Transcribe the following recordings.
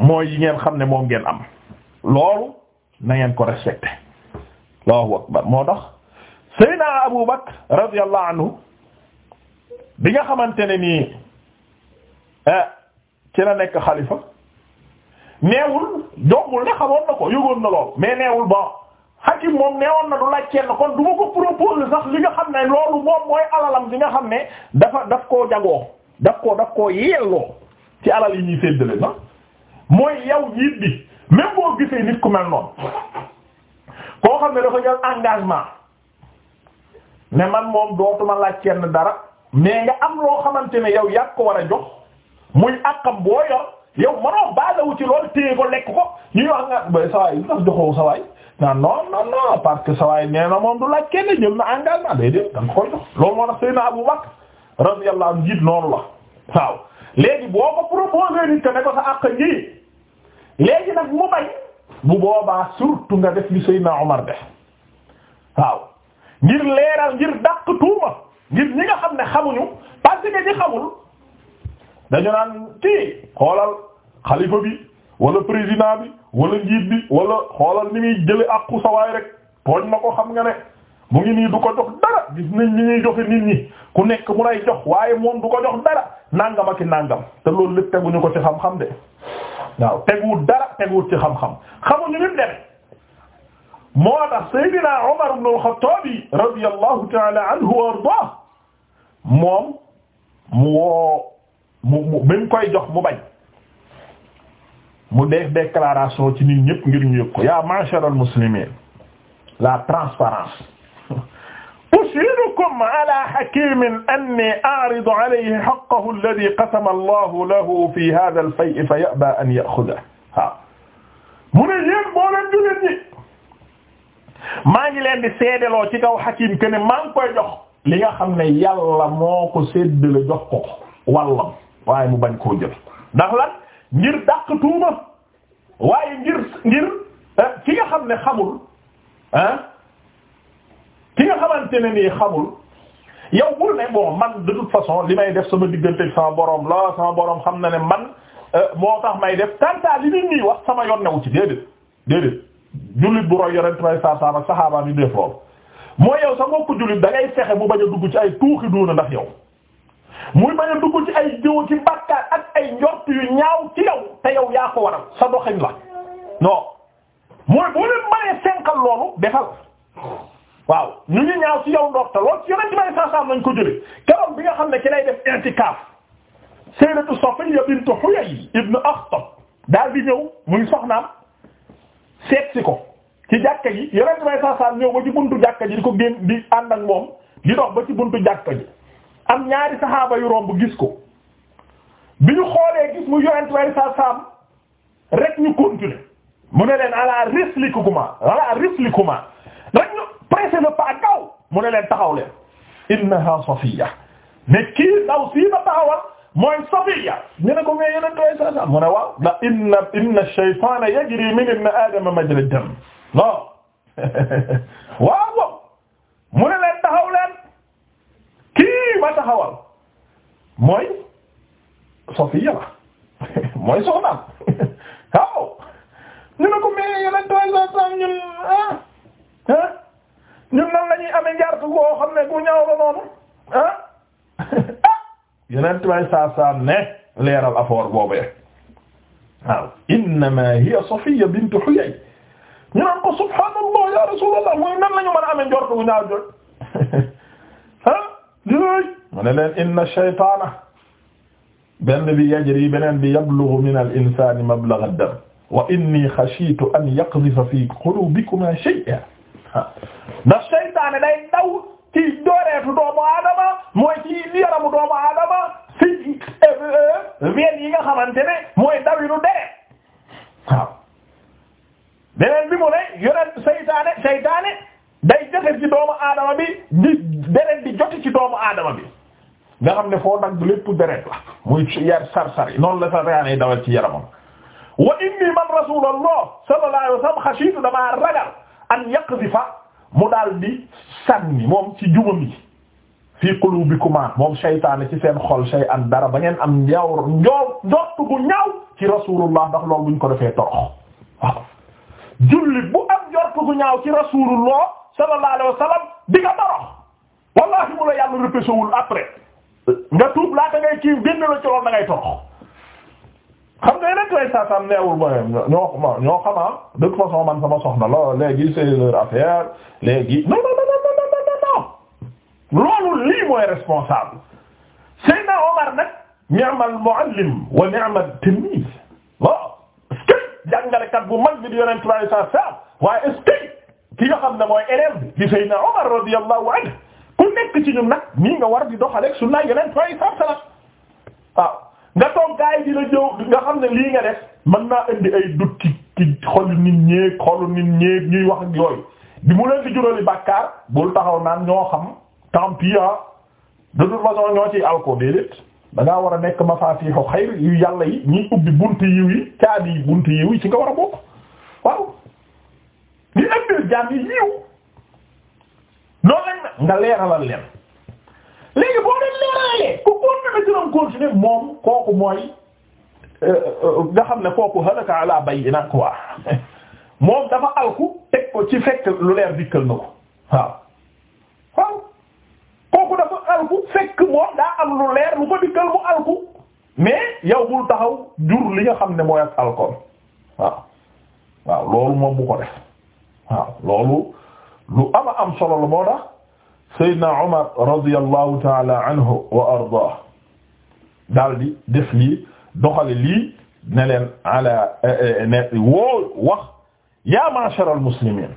mooy yi ngeen xam ne moom ngeen am loolu nangeen ngeen ko respecté Allahu akbar moo tax Seydina Abu Bakr radiyallahu anhu bi nga xamante ne nii eh, ci la nekk xalifa neewul jombul ne xamoon na ko yëgoon na lool mais neewul ba hakim moom neewoon na du laaj kenn kon du ma ko proposer sax li nga xam ne loolu moom mooy alalam bi nga xam ne dafa daf koo jagoo daf koo daf koo yelloo ci alal yi ñuy séddale na mooy yow jiit bi même boo gisee nit ku mel noonu koo xam ne dafa jël engagement ne man moom dootuma laaj kenn dara mais nga am loo xamante ne yow yàgg ko war a jox muy àqam boo yor yow mënoo baalawu ci loolu téye ko lekk ko ñuy wax nga ba sawaay ndax joxoo sawaay non non non parce que sawaay nee na moom du laaj kenn jël na engagement day dee da nga ko jox loolu moo tax Seydina Abu Bakr radiyallahu anhu jiit noonu la waaw léegi boo ko proposé nit que ne ko sa àq ngi léegi nag mu bañ bu boobaa surtout nga def li Seydina Omar def waaw ngir leeral ngir dàq tuuma ngir ñi nga xam ne xamuñu parce que ñi xamul dañu naan kii xoolal xalifa bi wala président bi wala njiit bi wala xoolal ni muy jële àqu sawaay rek tooñ ma ko xam nga ne mu ngi nii du ko jox dara gis nañ ñi ku nekk mu lay jox waaye moom du ko jox dara nàngam ak i nàngam te loolu lépp teguñu ko ci xam-xam de waaw teguwul dara teguwul ci xam-xam xamuñu ni dem moo tax Seydina Umar ibn al-Khattab ta'ala anhu wa moom mu woo mu mu mu koy jox mu bañ mu de declaration ci nit ñëpp ngir ñu yëg yaa ma'shar al-muslimin la transparence ushidukum ala hakimin anni a'ridu alayhi haqqahu alladhi qasama Allahu lahu fi hadha al-fay'i fa ya'ba an ya'khudha ha mu ne yéen boo leen julit ñi maa ngi leen di seedeloo ci kaw hakim que ne maa ngi koy jox li nga xam ne yàlla moo ko séddale jox ko ko wàllam waaye mu bañ koo jël ndax lan ngir dàq tuuma waaye ngir ngir eh, ki nga xam ne xamul ah ki nga xamante ne nii xamul yow bul ne bon man de toute façon li may def sama diggante sama borom la sama borom xam na ne man euh, moo tax may def tant li nit ñi wax sama yoon newu ci déedéet déedéet. jullit bu roy yonent may saa saa ak saxaaba bi def loolu mooy yow sa mbokku jullit da ngay fexe mu bañ a dugg ci ay tuuxi doona ndax yow. muy bañ a dugg ci ay jiw ci bàkkaar ak ay njort yu ñaaw ci yow te yow yaa ko waral sa doxin la non mooy waaw ñu ngi ñaaw ci yow ndox te lool ci yonent bi sallallahu alayhi wasallam lañ ko jëlee bi nga xam ne ki lay def i'tikaaf sayyidatu yo bint Huyay ibn Akhtab daal di ñëw muy soxnaam seet si ko ci jàkka yi yonent bi sallallahu alayhi ñëw ba ci buntu jàkka ji ko génn di ànd moom di dox ba ci buntu jàkka am ñaari saxaaba yu romb gis ko bi ñu xoolee gis mu yonent bi sallallahu alayhi wasallam rek ñu continuer mu ne leen ala rislikuma ala rislikuma passé le pas mu ne leen taxaw leen innaha safiya ne kii ndaw ma taxawal mooy safiya ñu ne ko mais yeneen tooy sa sa mu ne waaw da inna inna ash-shaytana yajri min ibn adama majra ad-dam non ne leen taxaw leen kii ma taxawal mooy safiya la ne ko mais yeneen ñun nan la ñuy amee njart koo xam ne ku ñaaw la noonu ah ah yeneen tubaab saa saa ne leeral affaire boobee waaw innama hiya Safiyya bint Huyay ñu naan ko subhaanallah ya rasulallah mooy nan la ñu mën a amee njort bu ñaaw jot ah jërëjëf mu ne leen inna shaytaana benn bi yajri beneen bi yablughu min al-insaani mablagha ad-dam wa inni khashitu an yaqdhifa fi qulubikuma shay'an ndax seytaane day daw ci dooreetu doomu aadama mooy ci yaramu doomu aadama ci euh, euh, ween yi nga xamante ne mooy daw yi nu deret waaw beneen bi mu ne yonent seytaane day jote doomu aadama bi di deret di joti ci doomu aadama bi nga xam ne foo nag lépp deret la muy yar sar-sar yi noonu la seytaane dawal ci yaramam wa inni man rasulullah sallallahu alaihi wasallam xashitu damaa ragal an yaqdhifa mu daal di sànni moom ci jubam yi fii qulubikuma moom seytaane ci seen xol shay'an dara ba ngeen am njawr njoow njott bu ñaaw ci rasulullah ndax loolu buñ ko defee torox waaw jullit bu am njott bu ñaaw ci rasulullah sallallahu alayhi wa sallam di nga torox wallahi mu la yàlla répété wul après nga tuub laata ngay kii génn la ci loolu da ngay torox xam nga yeneen tuwaay saa saam neewul ba ñoo ah ñoo xam ah de toute façon man sama soxna la léegi c'est leur affaire léegi non non non non non non non loolu lii mooy responsable Seydina Omar nag ni'mal mu'allim wa ni'mat tilmiz waaw est-ce que jàngalekat bu mag bi di yeneen tuwaay saa saam waaye est-ce que ki nga xam ne mooy élève bi di Seydina Omar radiyallahu anhu ku nekk ci ñun nag nii nga war di doxaleeg sunna yeneen tuwaay saa saam waaw. nga toog gars yi nga xam ne lii nga def mën naa indi ay dut ci ci xolu nit ñeeg xolu nit ñeeg ñuy wax ak yooyu bi mu leen di jurali bàkkaar bul taxaw naan ñoo xam tant pis ah de toute ñoo ci alko déedéet da war a nekk mafaatiixu xayr yu yàlla yi ñuy ubbi buntu yiw yi caabi yi buntu yiw yi ci nga war a bokk waaw li ëmbil jaan yiw noonu lañ nga leeralal leen léegi boo leen leeralee ku continuer ci doon continuer moom kooku mooy euh, euh, nga xam ne kooku halaka ala bayyina quoi moom dafa alku teg ko ci fekk lu leer dikkal na ko waaw waaw kooku dafa alku fekk moom daa am lu leer lu ko dikkal mu alku mais yow bul taxaw jur li nga xam ne mooy ak alcool waaw waaw loolu moom bu ko def waaw loolu lu ama am solo la moo tax Seydina Omar radiyallahu taala anhu wa ardaah daldi def lii doxale lii ne leen ala eh, eh, ne woo wax yaa ma'shar al muslimin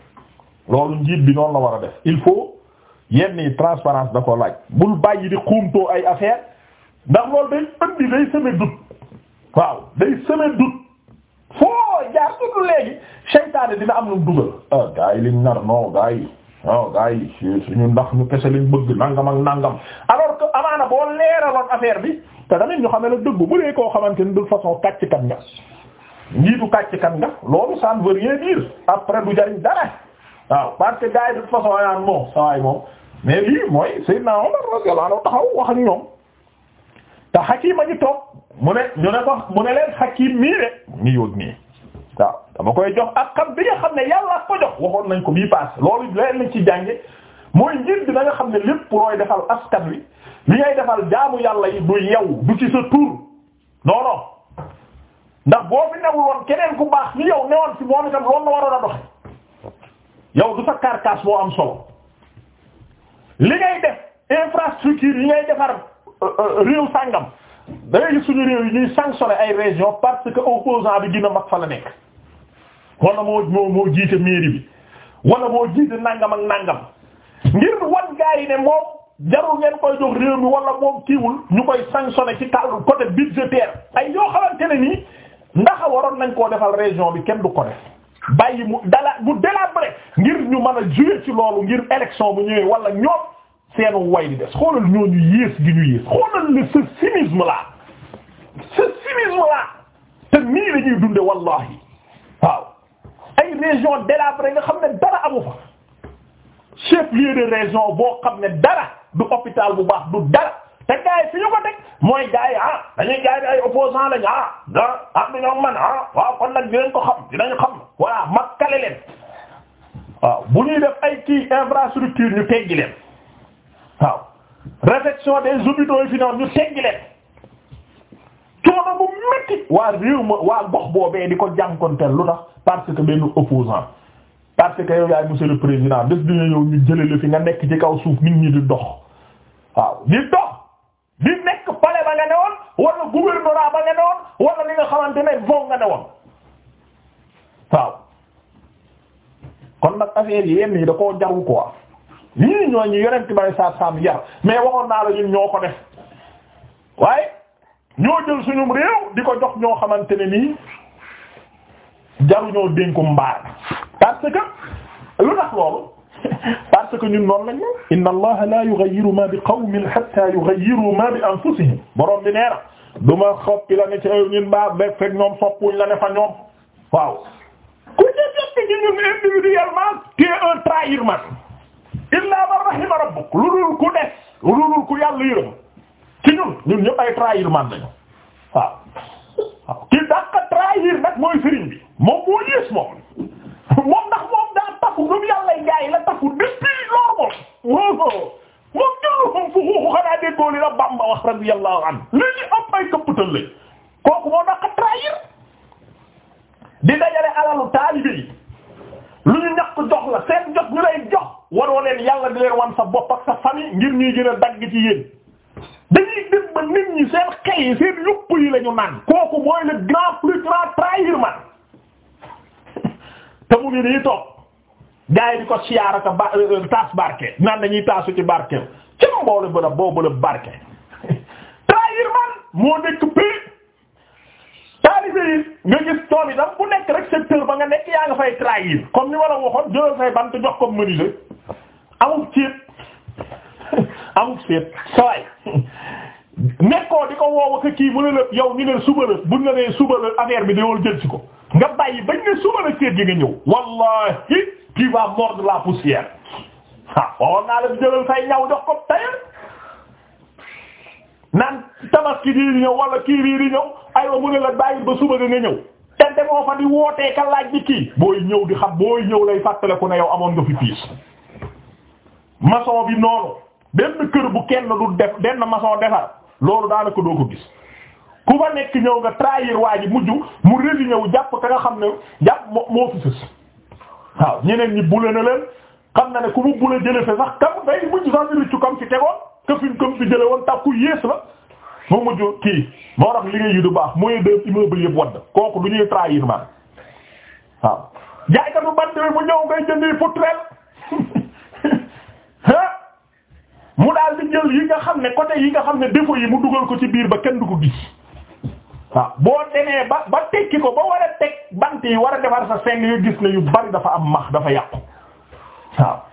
loolu njiit bi noonu la war a def il faut yenn transparence da ko laaj bul bàyyi di xuumtoo ay affaire ndax loolu day indi day semer doute waaw day semer doute foo jaar tudd léegi seytaane dina am lu dugal ah gars yi liñ nar non gars yi waaw gars yi suñu ndax ñu kese lañ bëgg nangam ak nangam alors que amaana boo leeraloon affaire bi te tamit ñu xamee la dëgg bu dee koo xamante ni façon kàcc kat nga njiitu kàcc kat nga loolu ça ne veut rien dire après du jariñ dara waaw parce que gars yi de façon ayaan moom saa yi moom mais lii mooy Seydina Omar radiyallahu anhu taxaw wax ak ñoom te Hakim a ngi toog mu ne ñu ne ko mu ne leen Hakim mii de ngi yóg nii. dama koy jox ak xam bi nga xam ne yàlla ko jox waxoon nañ ko bii paas loolu leen lañ ci jànge mooy njir bi na nga xam ne lépp looy defal askan wi li ngay defal jaamu yàlla yi du yow du ci sa tur non non ndax boo fi newul woon keneen ku baax ni yow newoon si moom itam loolu la waroon a doxe yow du sa carcasse moo am solo li ngay def infrastructure yi ngay defar euh, euh, réew sàngam da ngay gis suñu réew yi ñuy sanctionner ay région parce que opposant bi dina mag fa la nekk wala moo moo moo jiite mairie bi wala moo jiite nangam ak nangam ngir wan gaa yi ne moom jarul ngeen koy jox réew mi wala moom kiiwul ñu koy sanctionné ci kàllu côté budgétaire ay yoo xamante ne nii ndax waroon nañ koo defal région bi kenn du ko def bàyyi mu dala mu délabré ngir ñu mën a jouer ci loolu ngir élection bu ñëwee wala ñoom seenu way di des xoolal ñooñu yées gi ñu yées xoolal ne ce cynisme là ce cynisme là te nii la ñuy dunde wallahi waaw région délabrée nga xam ne dara amu fa chef lieu de région boo xam ne dara du hôpital bu baax du dara te gars fi ñu ko teg mooy gars yi ah dañuy gars yi ay opposants lañ ah da am na ñoom man ah waaw kon nag dinañ ko di dinañ xam voilà makkale leen waaw bu ñuy def ay kii infrastructure ñu teggi leen waaw réfection des hôpitaux yi fi ñu teggi coono bu métti waa réew ma waa gox boobee di ko jànkonteel lu tax parce que benn opposant parce que yow yaay monsieur le président la fi nga nekk ci kaw suuf nit ñi di dox waaw di dox di nekk palais ba nga ne woon wala gouvernorat ba nga ne woon li nga xamante ne ne woon waaw kon nag affaire yi yenn yi da koo jaru quoi lii ñoo ñu yonent bi saa saam yar mais waxoon naa la ñun ñoo ko def waaye. ñoo jël suñum réew di ko ñoo xamante ne nii jaruñoo dénkum mbaar parce que lu tax loolu parce que ñun noonu lañu inna allaha la yughayyiru ma bi qawmin hatta yughayyiru ma bi anfusihim borom bi neera duma xoppi la ne ci ay ñun mbaar bek fekk ñoom soppuñ la ne fa ñoom waaw ku ci jot ci ñun individuellement tu es un trahir man illa man rahima rabbuk lu dul lu ku yàlla yërëm ci ñun ñun ñëpp ay trahir man lañu waaw waaw ki dàq trahir nag mooy sëriñ bi moom moo yées moom moom ndax moom daa tafu gëm yàllay gaay la tafu depuis loolu moom moom jëlum fu xuuxu xanaa déggoo li la Bamba wax radiyallahu anhu li ñu am ay këpputal lañ kooku moo dàq trahir di dajale alalu taalibe yi lu ñu ñàkk jox la seen jox ñu lay jox waroo leen yàlla di leen wan sa bopp ak sa famille ngir ñuy gën a dagg ci yéen man kooku mooy le grand plus grand trahir man te mu ngi nii toog gars yi ko siyaara ka ba euh, euh, taas barke naan dañuy taasu ci barkeem ci mboole bërëb boobu la barke trahir man moo nekk prix taalibe nga gis tool yi daf bu nekk rek ba nga nekk yaa nga fay trahir comme ni ma la waxoon jëlal say ko menuisier amul nekkoo di ko woowa ka kii mu ne la yow ñu ne suba la buñ la nee suba la affaire bi dañoo jël ci ko nga bàyyi bañ ne suba la seet gi nga ñëw wallahi tu vas mordre la poussière ah waxoon naa la jëlal say ñaw jox ko tayer naan tabaski di ñëw wala kii bii di ñëw aywa mu ne la bàyyi ba suba nga ñëw te demoo fa di wootee ka laaj bi kii booy ñëw di xam booy ñëw lay fàttaliku ne yow amoon nga fi piis maçon bi noonu benn kër bu kenn du def benn maçon defar. loolu daanaka doo ko gis ku fa nekk ñëw nga trahir waa ji mujj mu résigné ñëw jàpp ka nga xam ne jàpp moo fi waaw ñeneen ñi bule na leen xam na ne ku mu bule jële fe sax kam day mujj sax ni rëccu kam fi tegoon ke fi fi jële woon tàkku yées la mu mujj kii moo li liggéey yu du baax mooy de immeuble yëpp wadd kooku du ñuy trahir man waaw jaaykatu bant bi mu ñëw ngay jëndi poutrelle mu daal di jël yi nga xam ne côté yi nga xam ne défaut yi mu dugal ko ci biir ba kenn du ko gis waaw boo demee ba ba tekki ko ba war a teg bant yi war a defar sa seng yu gis ne yu bari dafa am max dafa yàqu waaw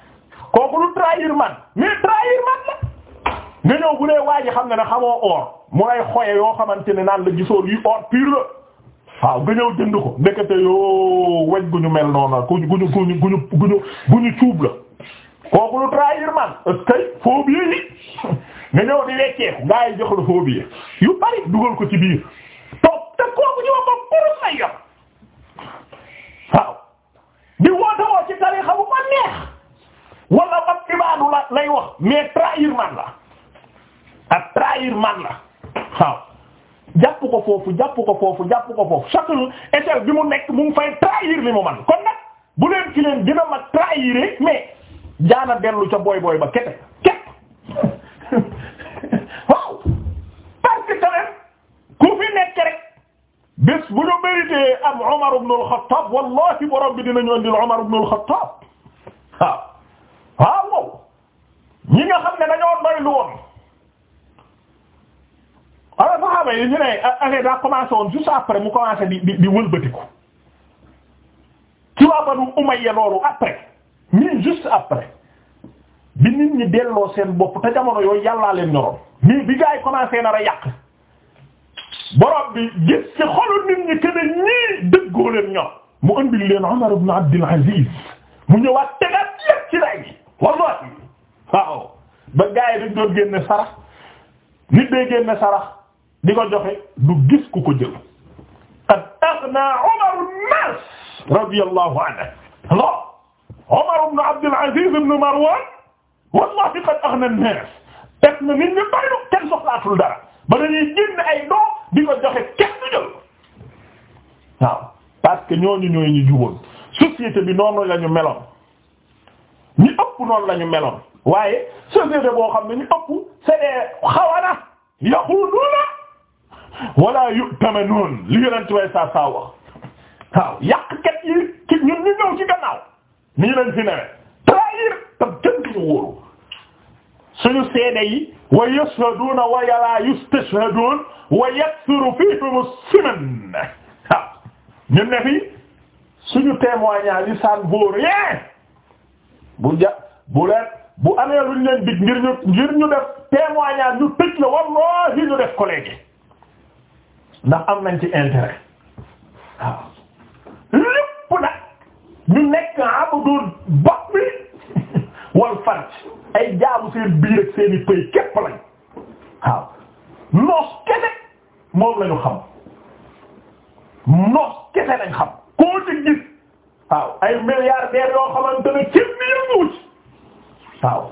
kooku lu trahir man mais trahir man la nga ñëw bu dee waa ji xam ne na xamoo or mu lay xoye yoo xamante ne naan la gisoon yu or pur la waaw nga ñëw dënd ko ndekete yoo waj gu ñu mel noonu la guñu guñu guñu guñu guñu guñu cuub la kooku lu trahir man ëskay phobie yi nga ñëw di wecceeku gaa yi jox la phobie yu bari dugal ko ci biir toog te kooku ñu wax ko kurum lay yor waaw di woote woo ci tarixa bu ma neex wala man ibaadu la lay wax mais trahir man la ak trahir man la waaw jàpp ko foofu jàpp ko foofu jàpp ko foofu chaque échelle bi mu nekk mu fay trahir li mu man kon nag bu leen ci leen gën a ma trahiré mais jaana dellu ca booy booy ba kete ket waaw parce que tamit ku fi nekk rek bés bu ñu mérité am Umar ibn al-Khattab wallahi borom bi dina ñoon dil Umar ibn al-Khattab waaw waaw wow ñi nga xam ne dañoo doy lu woon alors saxaaba yi ñu ne année daa commencé woon juste après mu commencé di di di wëlbatiku ci waa Banu Umayya loolu après mais juste après bi nit ñi delloo seen bopp te jamono yooyu yàllaa leen ñoroon mais bi gaa yi commencé nar a yàq borom gis ci xolu nit ñi que ñii dëggoo leen ñor mu ëndil leen Umar ibn Abdul mu ñëwaat tegaat lépp ci lay gi wallahi waaw ba gaa yi dañ doon génne nit day génne sarax di ko joxe du gis ku ko jël qad aghnaa Umar an-naas radiyallahu Omar ibn Abdul Aziz ibn Marwan wallahi qad aghna an-nas teg na nit ñi doy na kenn soxlaatul dara ba dañuy génn ay doo di ko joxe kenn du jël waaw parce que ñooñu ñooy ñu juboon société bi noonu la ñu meloon ñu ëpp noonu la meloon waaye société boo xam ne ñu ëpp c'est des xawana yaxuuduuna wala yu'tamanuun li yonent way saa saa wax waaw yàqkat yi ñun ñu ñëw ci gannaaw. nii lañ fi newee trahir tam jënd ñu wóoru suñu seede yi wa yashhaduna wa la yustashhadun wa yakthuru fihim as-siman waaw ñun ne fi suñu témoignage yi san vaut rien bu ja bu leen bu amee luñ leen dig ngir ñu ngir ñu def témoignage ñu tëj la wallahi ñu def collègue ndax am nañ ci intérêt waaw na ñu nekk abdul batni wal farj ay jaamu seen biir seeni seen i pëy képp lañ waaw moom lañu xam noos kese lañ xam koo ci gis ay milliardaires yoo xamante ne kenn yënguwul waaw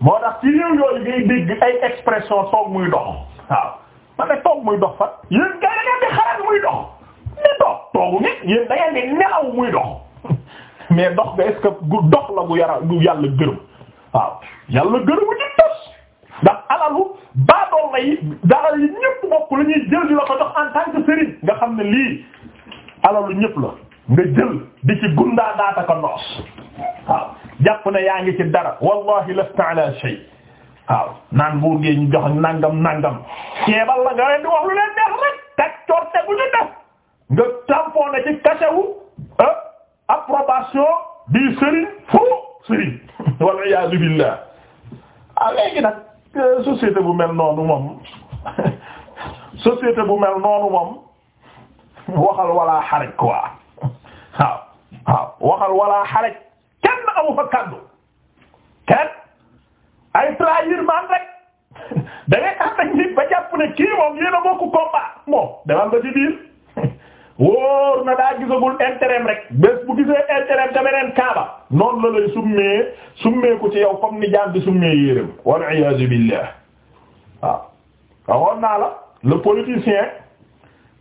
moo tax ci réew yooyu ngay dégg ay expression toog muy dox waaw ma ne toog muy dox fa yéen gaa yi di xalaat muy dox ne toog toogu nit yéen da ngeen di nelaw muy dox mais dox ga est dox la gu yara gu yàlla gërëm waaw yàlla gërëmu ci tos ndax alalu baadool la yi dara ñëpp bokk la ñuy jël di la ko jox en tant que sëriñ nga xam ne lii alalu ñëpp la nga jël di ci gundaa daata ko noos waaw jàpp na yaa ngi ci dara wallahi lasta ala shay waaw naan buur jox nangam nangam ceebal la nga leen wax lu leen neex rek tak corte bu ñu def nga tampoone ci kasewu ah approbation bi sëriñ fu sëriñ walla billaah ah léegi nag euh, société bu mel noonu moom société bu mel noonu moom waxal walla xarej quoi waaw waaw waxal walla xarej kenn amu fa kenn ay trahir man rek da ngay ànd ak nit ba jàpp kii moom yéen a bokk combat moom demal ba ci biir. wóor na daa gisagul intérêt rek bés bu gisee intérêt te beneen kaaba noonu la lay summee summeeku ci yow comme ni jaam di summee yéeram wal iyaazu billah waaw waxoon naa la le politicien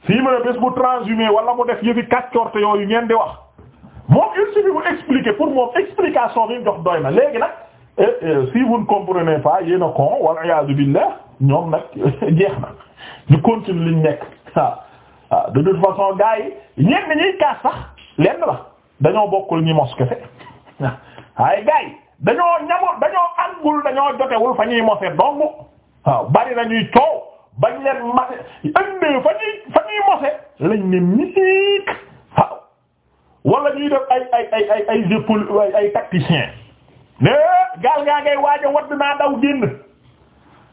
fii mu ne bés bu transhumé wala mu def yëfi kàccorte yooyu ngeen di wax moom il suffit mu expliquer pour moom explication bi mu doy na léegi nag eh, eh, si vous ne comprenez pas yéen a con wal iyaazu billah ñoom nag jeex na ñu continue liñ nekk waaw waaw ah, de toute façon gars yi ñuy kaas sax lenn la dañoo bokkul ñi mos kese waaye gars dañoo ñamoo dañoo àndul dañoo jotewul fa ñuy mose dong waaw bari nañuy coow bañ leen mase ëndee fa ñuy fa ñuy mose lañ ne misik ñuy def ay ay ay ay ay jepul ay tacticien ne gaal ngaa ngay waaja wadd naa daw génn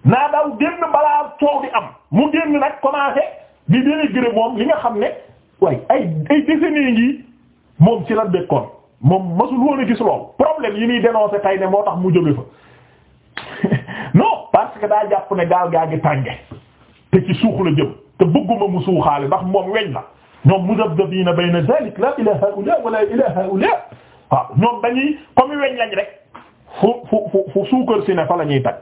naa daw génn balaa coow di am mu génn nag commencé di dénigré moom li nga xam ne waaye ay ay décennies ngi moom ci la dëkkoon moom masul woon a gis lool problème yi muy dénoncé tay ne moo tax mu jóge fa no parce que daal jàpp ne gaal gaa gi tànge te ci suux la jëm te bëgguma mu suuxaale ndax moom weñ la ñoom mudabdabina bayna zalik la ila haula wala ila haula waaw ñoom dañuy comme weñ lañ rek fu fu fu suukar si ne fa la ñuy tag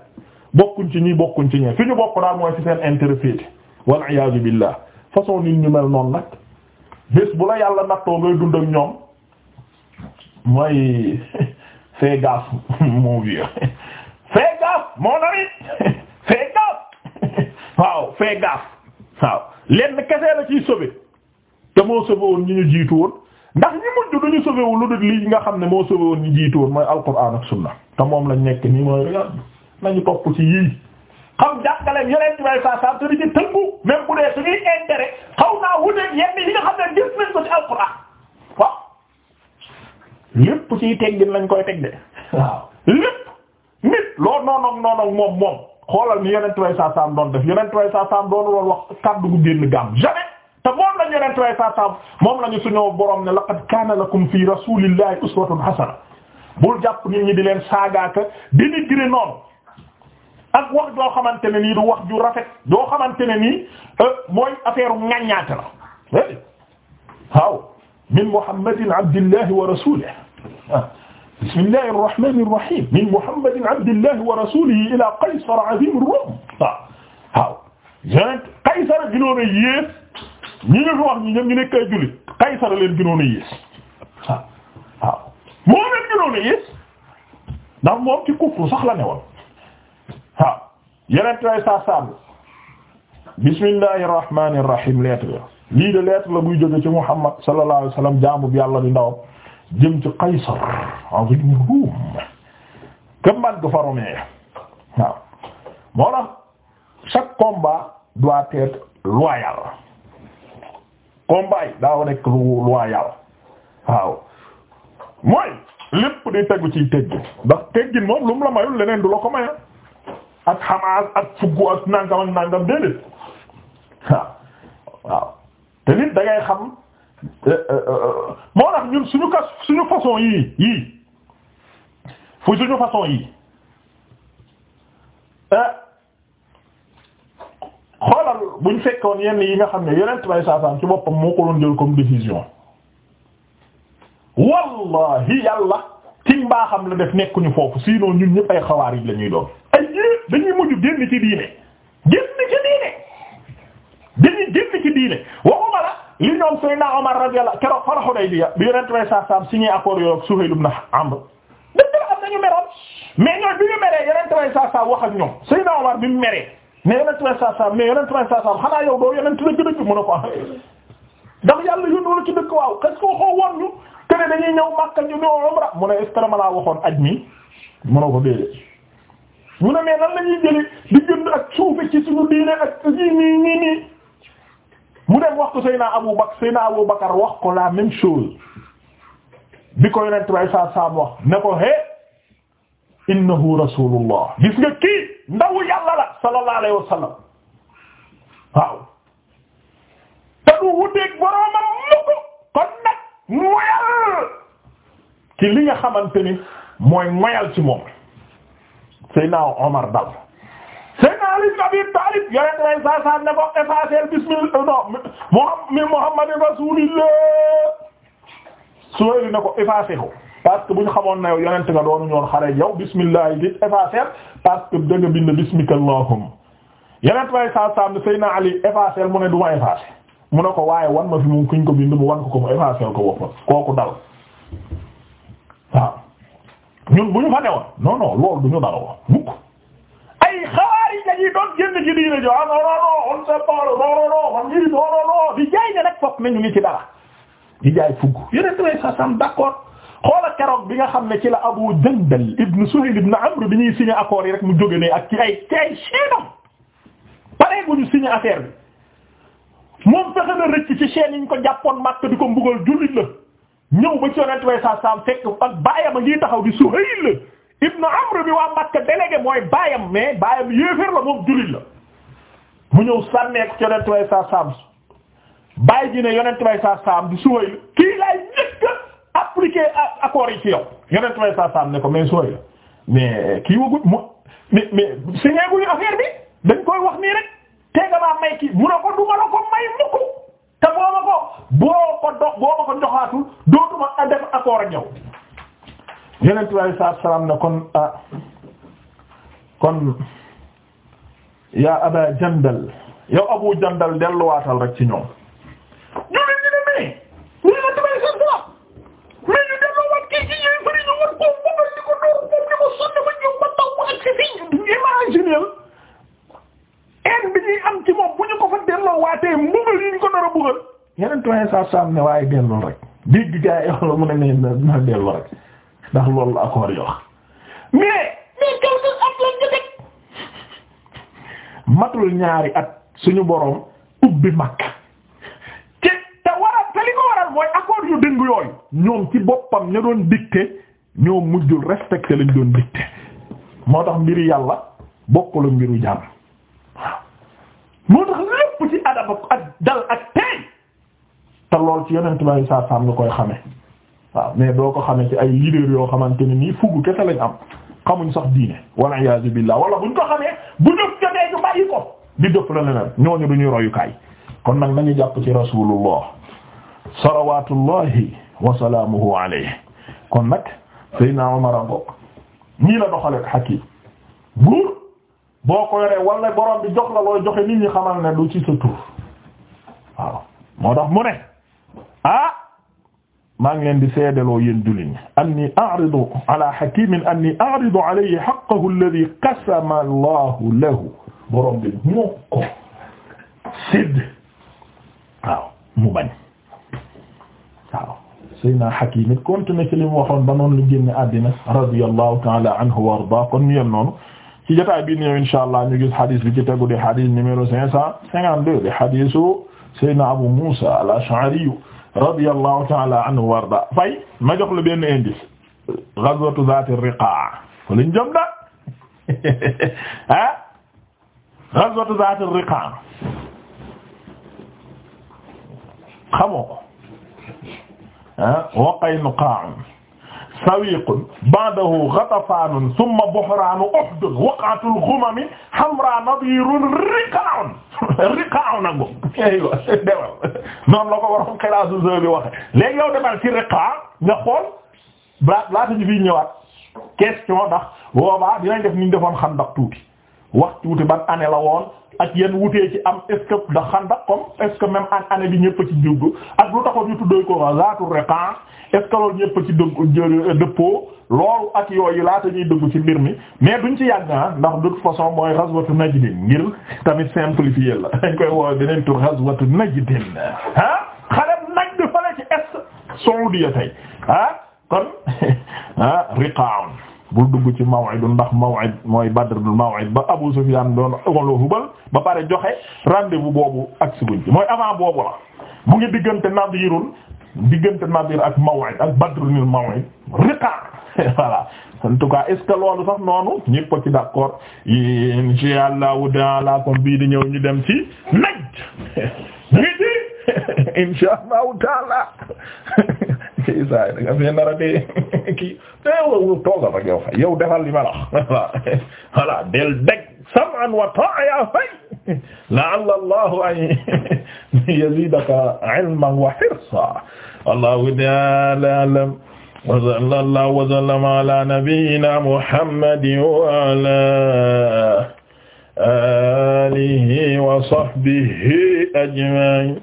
bokkuñ ci ñi bokkuñ ci ñe fi ñu bokk daal mooy ci seen intérêt wal iyaazu billah façon nit ñu mel noonu nag bés bu la yàlla nattoo ngay dund ak ñoom mooy fais gaffe mon vieux fais gaffe mon ami fais gaffe waaw fais gaffe waaw lenn kese la ciy sauver te moo sauver woon ñi ñu jiitu woon ndax ñi mujj duñu sauver wu lu dul li nga xam ne moo sauver woon ñi jiitu woon mooy alquran ak sunna te moom lañ nekk nii mooy nañu topp ci yii xam jàngaleem yeneen ci may saa saa te di ci tënku même bu dee suñuy intérêt xaw naa wuteeg yenn yi nga xam ne gis nañ ko alxuraan waaw lépp teggin lañ koy teg de waaw lépp nit loo moom moom xoolal ni yeneen ci may saa saa doon def yeneen ci may saa saa doon loolu wax kaddu gu génn gàmm te moom lañ yeneen ci may saa saa moom lañu suñu borom ne laqad kaana lakum fi rasulillahi uswatun hasana bul jàpp nit ñi di leen saagaaka di nit noonu. ak wax joo xamante ne nii du wax ju rafet joo xamante ne nii euh, mooy affaire ŋaññaate la waaw min muhammadin abdillahi wa rasulihi ah. bismillahi arrahmani arrahim min muhammadin abdillahi wa rasulihi ila qaysar azim ar-rum waaw ah. waaw yonent qaysar ginoon a yées ñi nga fi wax ñi ñoom ñu nekk ay jullit qaysar leen ginoon a yées waaw ah. waaw moo leen ginoon a yées ndax moom ci kufru sax la newoon waaw yeneen tooy saa saabu bismillahi rahmani rahim lettre la lii de lettre la buy jóge ci Muhammad sallallahu alayhi wa sallam jaamu bi yàlla di ndawam jëm ci Qaysar azim Rum këm man ga fa Romain waaw moo tax chaque combat doit être loyal combat yi daa war nekk lu loyal waaw mooy lépp di tegu ci teggin ndax teggin moom lu mu la mayul leneen du la ko mayal ak Hamas ak fuggu ak nangam ak nangam déedéet waaw waaw te nit da ngay xam eh, eh, eh, moo tax ñun suñu kas suñu façon yii yii fu suñu façon yii xoolal buñ fekkoon yenn yi nga xam ne yenent bay saasaam ci boppam moo ko doon jël comme décision wallahi yàlla ci mbaaxam la def nekkuñu foofu si ñun ñëpp ay xawaar yi la ñuy doon dañuy mujj génn ci diine génn ci diine dañuy génn ci diine waxuma la li ñoom Seydina Omar radiyallahu keroog fara Hudaybiya bi yonent way sa sam signé accord yooyu Suhayl ibn Amr dëgg a am nañu meroon bi sa sam wax ak ñoom Seydina Omar bi mu meree mais yonent way sa sam mais yonent way sa sam xanaa yow doo yonent la gën a mën a ko am ah, ndax yàlla yónnu la ci dëkk waaw kas ko xoo woon ñu kene dañuy ñëw Makka ñu ñëw umra mu ne est-ce laa waxoon aj mi mënoo ko déedéet mu ne mais lan la ñuy jëlee jënd ak suufe ci suñu diine ak ñii nii mu dem wax ko Seyna Abu Bakar Seyna Abu Bakar wax ko la même chose bi ko yonent bay sa saam wax ne ko hé innahu rasulullah gis nga kii ndawu yàlla sallallahu alayhi wa sallam waaw te du wuteeg boroomam kon nag moyal ci li nga xamante ni mooy moyal ci moom Seydina Omar dal Seydina Ali ibn Abi Talib yonent way sa sa ne ko effacer bismillah euh, non mi Muhammadin Rasulillah Suhayl ne ko effacer ko parce que bu ñu xamoon na yow yonent nga doonu ñoon xare yow bismillah yi di effacer bind bismika allahumma yonent way sa sa ne Seydina Ali effacer mu ne du ma mu ne ko waaye wan ma fi mu kuñ ko bind mu wan ko ko mu effacer ko boppam kooku dal ñun bu ñu fa newoon non non loolu du ñu dara wax mukk ay xawaari dañuy doon génn ci diine jo ah non non non on se parle non non non ne ñu ngi ci dara di jaay fukk yeneen tamit sa sam d'accord keroog bi nga xam ne ci la Abu Jandal ibn Suhayl ibn Amr bi ñuy signé yi rek mu jóge ne ak ci ay ci ay chaîne am pare bu ñu bi moom fexe na rëcc ci chaîne yi ñu ko jàppoon màkk di ko mbugal jullit la. ñëw ba ci yonent way sa sam fekk ak baayam a ngi taxaw di Suhayl ibn Amr bi waa Makka délégué mooy baayam mais baayam yéeféer la moom jullit la mu ñëw sànnee ko ci yonent way sa sam bàyyi ji ne yonent way sa sam di Suhayl kii laay njëkk appliqué accords yi ci yow yonent way sa sam ne ko mais Suhayl mais kii wagut mo mais mais signé guñu affaire bi dañ koy wax nii rek te nga ma may kii mu ne ko du ma la te boo ma ko boo ko dox boo ko joxaatul dootuma a def accord ak yow yeneen bi alei salaatu salaam ne kon ah kon yaa aba jandal yow abu jandal delluwaatal rek ci ñoom ñu leen ñu ne mais ñunen tibay san sala mais ñu delloo wat kii ci ñoy bëri ñu war koo bëggal di ko door moom di ko sonn ba ñëw ba taw ba ak si fi imaginer en bi ñuy am ci moom bu ñu ko fa delloo waatee mbugal yi ñu ko nar a yeneen twenty saa saam ne waaye delloo rek dégg gaa yi matul ñaari at suñu boroom ubbi Makka ci te waral te li ko waral mooy accord yu dëng yooyu ñoom ci boppam ña doon dicté ñoo mujjul respecté lañ doon dicté moo tax mbiru yàlla bokkul mbiru jàmm dal ak tey te ci yonent bi saa saam nga koy xamee waaw mais doo ko xamee ci ay leader yoo xamante ne nii fugg kese lañ am xamuñ sax diine walla iyaazu billaah wala buñ ko xamee bu dëf jotee ñu bàyyi ko di dëf la leneen ñooñu duñuy royukaay kon nag nañu jàpp ci rasulullah salawaatullahi wa salaamuhu alayhi kon nag Seydina Umar bokk nii la doxalee hakim buur boo ko yoree wala borom bi jox la looy joxe nit ñi xamal ne du ci sa waaw moo tax mu ne ah maa ngi leen di seedaloo yéen jullit ñi anni a'ridu ala hakimin anni a'ridu alayhi haqqahu alladhi qasama Allahu lahu borom bi moo ko sédd waaw mu bañ waaw Seydina Hakim it continué ci li mu waxoon ba noonu lu génne àddina radiyallahu ta'ala anhu wa arda kon ñu yem noonu ci jotaay bi ñëw inshallah ñu gis hadith bi ci tegu di hadith numéro cinq cent cinquante-deux di hadithu Seydina Abu Musa al-Ash'ari radiyallahu ta'ala anhu warda fay ma jox la benn indice ghazwatu zaati riqaa lañ jëm da ah ghazwatu zaati riqaa xamoo ko ah wa Qaynuqaa sawiqun ba'dahu ghatafaanun thumma buhraanu uhdun waq'atul ghumami hamraa nadiirun riqaa'un riqaa'un ak moom. aywa la ko waroon xilaasu zone bi waxee léegi yow demal ci riqaa nga xool balaa laata ñu fiy ñëwaat question ndax boobaa dinañ def ni defoon xandax tuuti wax tuuti ban année la woon. ak yenn wutee ci am est-ce que da xandax comme est-ce an année bi ñëpp ci jugg ak lu taxoon ñu tuddee ko zaatu riqaa est-ce ñëpp ci dëgg dëppoo loolu ak yooyu laata ñuy dugg ci mbir mi mais duñ ci yàgg ah ndax de toute façon mooy ghazwatu Najdin ngir tamit simplifier la dañ koy woowe beneen tur ghazwatu Najdin ah xareb Najd fale ci est Saudiya tey ah kon ah bul dugg ci maw'idun ndax maw'id mooy badrul maw'id ba Abu Sufyan doon wala Hubal ba pare joxe rendez-vous boobu ak si guñ ci mooy avant boobu la mu ngi diggante Nadirul diggante nadir ak maw'id ak badrunil maw'id riqaar voilà en tout cas est loolu sax noonu ñëpp ci d'accord insha allahu taala kon bii di ñëw ñu dem ci najd insha allahu taala ci saa da nga fee nar a dee kii teewul toogal rek yow fay yow defal li ma la voilà voilà del deg sam'an wa ta'a yaa fay la'alla allahu an yazidaka ilman wa hirsa wallahu ta'ala a'lam wa sallallahu wa sallama ala nabiyyina muhammadin wa ala alihi wa sahbihi ajma'in